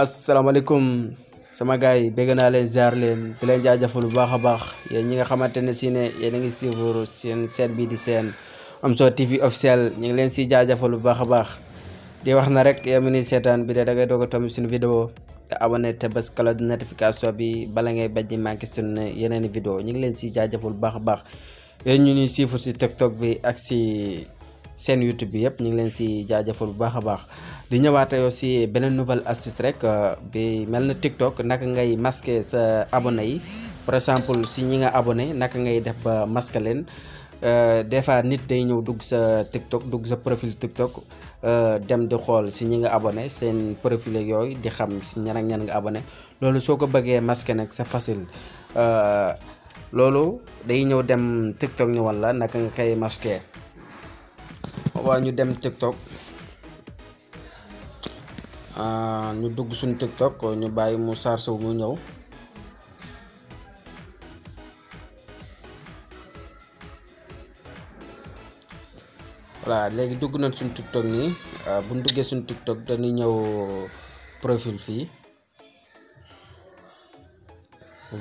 asalaamaaleykum sama gars yi bégg naa leen ziar leen di leen jaajëfal bu baax a baax yéen ñi nga xamante ne si ne yéen a ngi suivre seen seen bii di seen Omzo TV officiel ñu ngi leen si jaajëfal bu baax a baax di wax na rek yow mi ni seetaan bi de dangay doog a tomb suñu vidéo te te bés kala di notification bi bala ngay bañ manqué suñu yeneen vidéo ñu ngi leen si jaajëfal bu baax a baax ñu ni suivre si TikTok bi ak si seen YouTube bi yëpp ñu ngi leen si jaajëfal bu baax a baax di ñëwaat aussi beneen nouvelle astuce rek euh, bi mel na TikTok naka ngay masquer sa abonné yi par exemple si ñi nga abonné naka ngay def ba masquer leen euh, des fois nit day ñëw dugg sa TikTok dugg sa profil TikTok euh, dem di xool si ñi nga abonné seen profil yooyu di xam si ñan ak ñan nga abone loolu soo ko bëggee masquer nag c'est facile. loolu day ñëw dem TikTok ñu wan la naka nga koy masquer waa ñu dem TikTok ah, ñu dugg suñu TikTok ñu bàyyi mu chargé mu ñëw voilà léegi dugg nañ suñu TikTok nii ah, bu ñu duggee suñu TikTok dañuy ñëw profil fii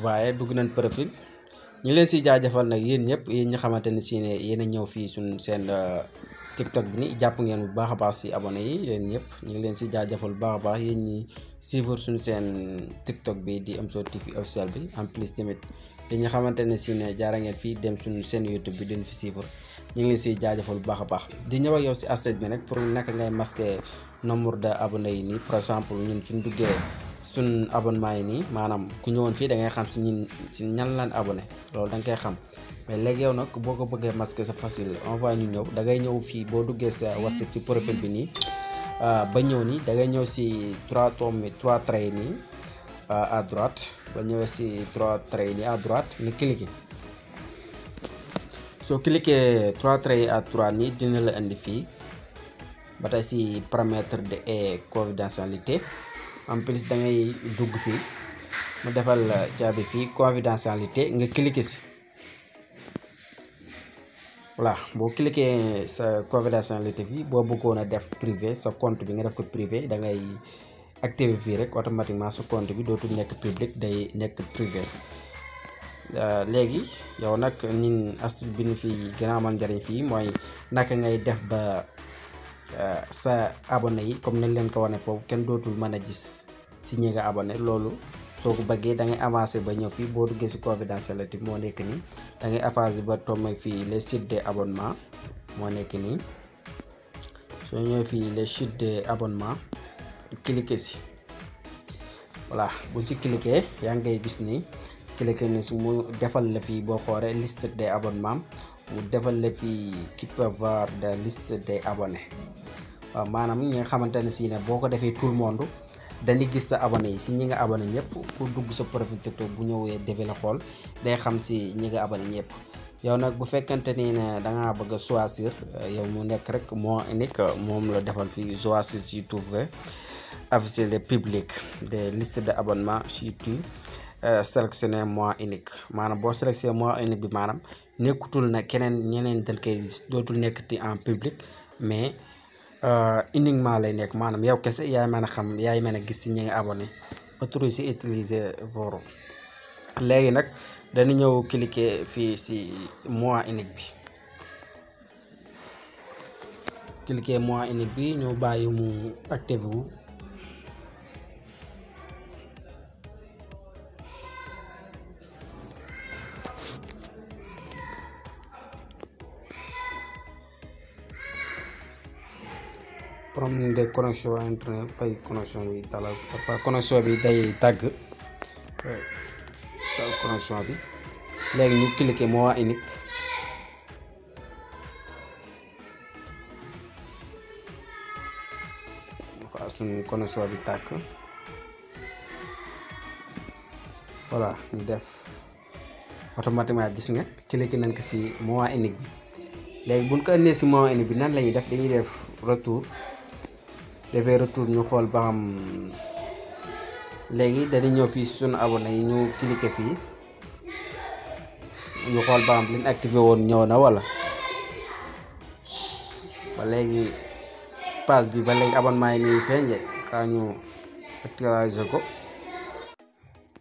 waaye dugg nañ profil ñu leen si jaajëfal nag yéen ñëpp yéen ñi xamante ne si ne yéen ñëw fii suñ seen ah, TikTok bi nii jàpp ngeen baax a baax si abonné yi yéen ñëpp ñu ngi leen si jaajëfal bu baax a baax yéen ñi suivre suñu seen TikTok bi di M Show TV officiel bi en plus tamit li nga xamante ne si ne jaara ngeen fii dem suñu seen YouTube bi den fi suivre ñu ngi leen siy jaajëfal bu baax a baax di ñëw ak yow si astage bi nag pour naka ngay masquer nombre de abonné yi nii par exemple ñun suñu duggee suñ abonnement yi nii maanaam ku ñëwoon fii da ngay xam si ñun si ñan laan abonné loolu da koy xam mais léegi yow nag boo ko bëggee masquer c'est facile envoyé ñu ñëw da ngay ñëw fii boo duggee sa WhatsApp ci profil bi nii euh, ba ñëw nii da ngay ñëw si trois tomes yi trois traits nii euh, à droite ba ñëwee si trois traits nii à droite nga cliqué soo cliqué trois traits à droite nii dina la indi fii ba tey si paramètre de e, confidentialité en plus da ngay dugg fii mu defal caabi fii confidentialité nga cliquer si voilà boo cliqué sa confidentialité fii boo buggoon a def privé sa compte bi nga def ko privé da ngay activé fii rek automatiquement sa compte bi dootul nekk public day nekk privé euh, léegi yow nag ñun astuce bi ñu fi gën njariñ fii mooy naka ngay def ba Euh, sa abone yi comme nañ leen ko wane foofu kenn dootul mën a gis si ñi nga loolu soo ko bëggee da ngay avancé ba ñëw fii boo duggee si confidentialité moo nekk nii da ngay avancé ba tombé fii les sites des moo nekk nii soo ñëwee fii les sites des abonnement cliqué si voilà bu si cliqué yaa ngay gis ni cliqué ni si mu defal la fii boo xooree liste des abonnements mu defal la fii qui peut voir la liste des abonnés Euh, maanaam ñi nga xamante ne si ne boo ko defee tout le monde dañuy gis sa abonné yi si ñi nga abonné ñëpp ku dugg sa profil TikTok bu ñëwee defe la day xam si ñi nga abonné ñëpp yow nag bu fekkente ni ne danga ngaa bëgg a choisir euh, yow mu nekk rek moo unique moom la defal fii choisir si trouver afficher le public des listes de abonnement si tu euh, sélectionner mois unique maanaam boo sélectionné mois unique bi maanaam nekkutul na keneen ñeneen dañ koy dootul ti en public mais. uniquement euh, lay nekk maanaam yow kese yaay mën a xam yaay mën a gis ci ñi nga abonné si utiliser voro léegi nag dañu ñëw cliquer fii si mois unique bi cliquer mois unique bi ñu bàyyi mu activé problème de connexion internet fay connexion bi dalal parfois connexion bi day tàgg connexion bi léegi ñu cliquer moi unique waaw suñu connexion bi tàkk voilà ñu def automatiquement gis nga cliqué nañ ko si moi unique bi léegi buñ ko indee si moi unique bi nan la def dañuy def retour defee retour ñu xool ba xam léegi dañuy ñëw fii suñu abonné yi ñu cliqué fii ñu xool ba xam liñ activé woon ñëw na wala ba léegi page bi ba léegi abonnement yi muy feeñje xaa ñu actualisé ko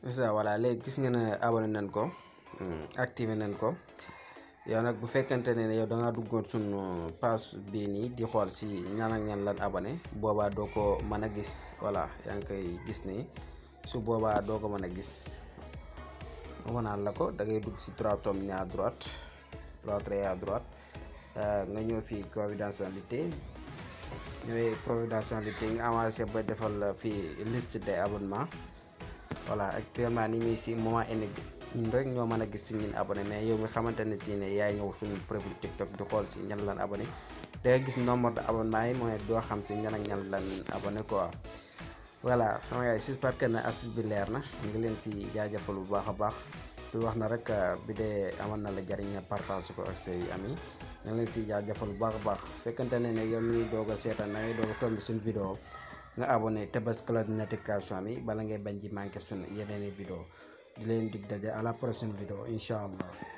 c'est ça voilà léegi gis nga ne abonné nañ ko hmm, activé nañ ko yow nag bu fekkente ne yow da ngaa duggoon suñu page bii nii di xool si ñan ak lan abone boobaa doo ko mën a gis voilà yaa ngi koy gis nii su boobaa doo ko mën a gis ma naan la ko da ngay dugg si trois ñaar nii à droite trois traits à droite euh, nga ñëw fii confidentialité ñëwee confidentialité nga avancé ba defal fii liste de abonnements voilà actuellement ni muy si moment ñun rek ñoo mën a gis si ñin abonné mais yow mi xamante ne si ne yaay ñëw suñu profil TikTok di xool si ñan lan abonné danga gis nombre de abonnement yi mooy doo xam si ñan ak ñan lan abonné quoi voilà sama yaay j'espère que ne astuce bi leer na ñu ngi leen si jaajëfal bu baax a baax di wax na rek euh, bi dee amoon na la jariñ partage ko ak say ami ñu ngi leen si jaajëfal bu baax baax fekkante ne ne yow mi ngi doog a seetaan da ngay doog a tombi suñu vidéo nga abonné te bés cloche notification bi bala ngay bañ ji manqué suñu yeneen i vidéo di leen dig daje à la prochaine vidéo incha allah